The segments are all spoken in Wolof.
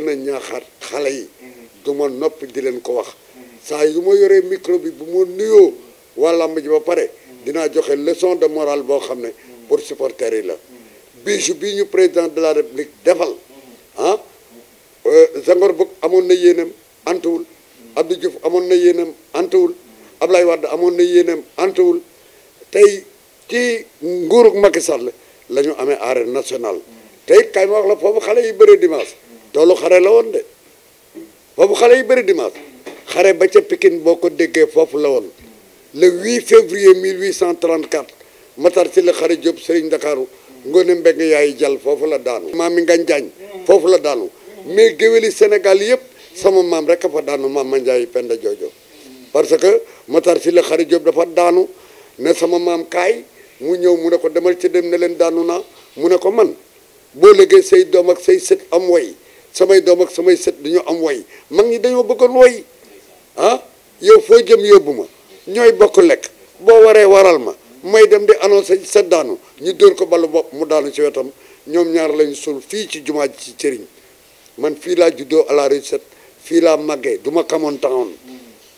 gën a ñaaxaat xale yi mm-hmm. du ma noppi di leen ko wax mm-hmm. saa yu ma yoree micro bi bu ma nuyoo waa làmb ji ba pare mm-hmm. dinaa joxe leçon de morale boo xam ne pour supporters yi la bii bii ñu président de la république defal ah euh, Senghor Bokk amoon na yéenam antuwul Abdou Diouf amoon na yéenam antuwul Ablaye Wade amoon na yéenam antuwul tey ci nguurug Macky Sall la amee arène nationale tey kay ma wax la foofu xale yi bëre dimanche loolu xare la woon de foofu xale yi bëri dimanche xare ba ca Pikine boo ko déggee foofu la woon le 8 février 1834 Matar si la xare Diop Serigne Ndakaaru Ngoné Mbengue yaay jàll foofu la daanu. maam mi Ngañ Jaañ foofu la daanu mais géwéli Sénégal yëpp sama maam rek a fa daanu maam ma Njaay Penda Joojo parce que Matar si la xare Diop dafa daanu ne sama maam kaay mu ñëw mu ne ko demal ci dem ne leen daanu naa mu ne ko man boo lëggee say doom ak say sët am way samay doom ak samay set dañoo am woy mag ñi dañoo bëggoon woy ah yow foo jëm yóbbu ma ñooy bokk lekk boo waree waral ma may dem di annoncé set daanu ñu dóor ko balu bopp mu daanu ci wetam ñoom ñaar lañu sul fii ci jumaa ci cëriñ man fii laa juddoo à set fii laa màggee du ma kamoon taxoon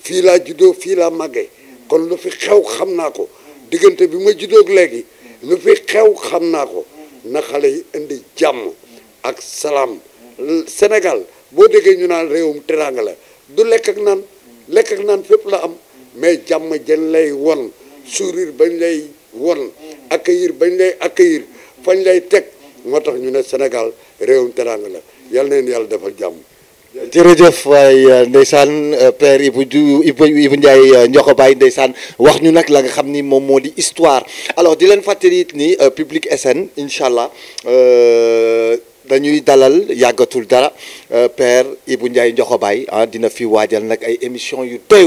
fii laa juddoo fii laa màggee kon lu fi xew xam naa ko diggante bi ma juddoog léegi lu fi xew xam naa ko na xale yi indi jàmm ak salaam Sénégal boo déggee ñu naan réewum teraanga la du lekk ak naan lekk ak naan fépp la am mais jàmm jën lay won sourire bañ lay won accueillir bañ lay accueillir fañ lay teg moo tax ñu ne Sénégal réewum teraanga la yàlla na yàlla defal jàmm. jërëjëf waay euh, ndeysaan euh, père Ibou bu Ndiaye euh, Ndiokho Baye ndeysaan wax ñu nag la nga xam ni moom moo di histoire alors di leen fàttali it ni Public SN incha allah. dañuy dalal yàggatul dara euh, père Ibou Ndiaye Ndiokhobaye ah dina fi waajal nag ay émission yu doy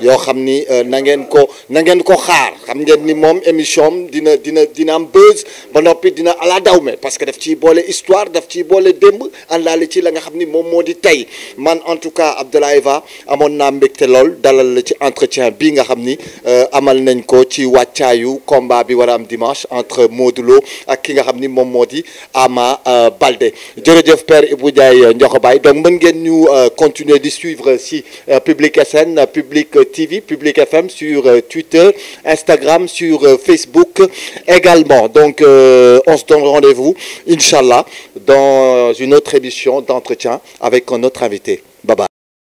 yoo xam ni euh, na ngeen ko na ngeen ko xaar xam ngeen ni moom émission dina dina dina am buzz ba noppi dina ala dawme parce que daf ci boole histoire def ci boole démb àndaale ci la nga xam ni moom moo di tey man en tout cas Abdoulaye Eva amoon na mbégte lool dalal la ci entretien bi nga xam ni euh, amal nañ ko ci wàccaayu combat bi war am dimanche entre Modou ak ki nga xam ni moom moo di Ama. Euh, donc nous ngeen ñu euh, continuer de suivre si euh, Public SN Public TV Public FM sur Twitter Instagram sur Facebook également donc on se donne rendez-vous inchallah dans une autre émission d'entretien avec un autre invité bye bye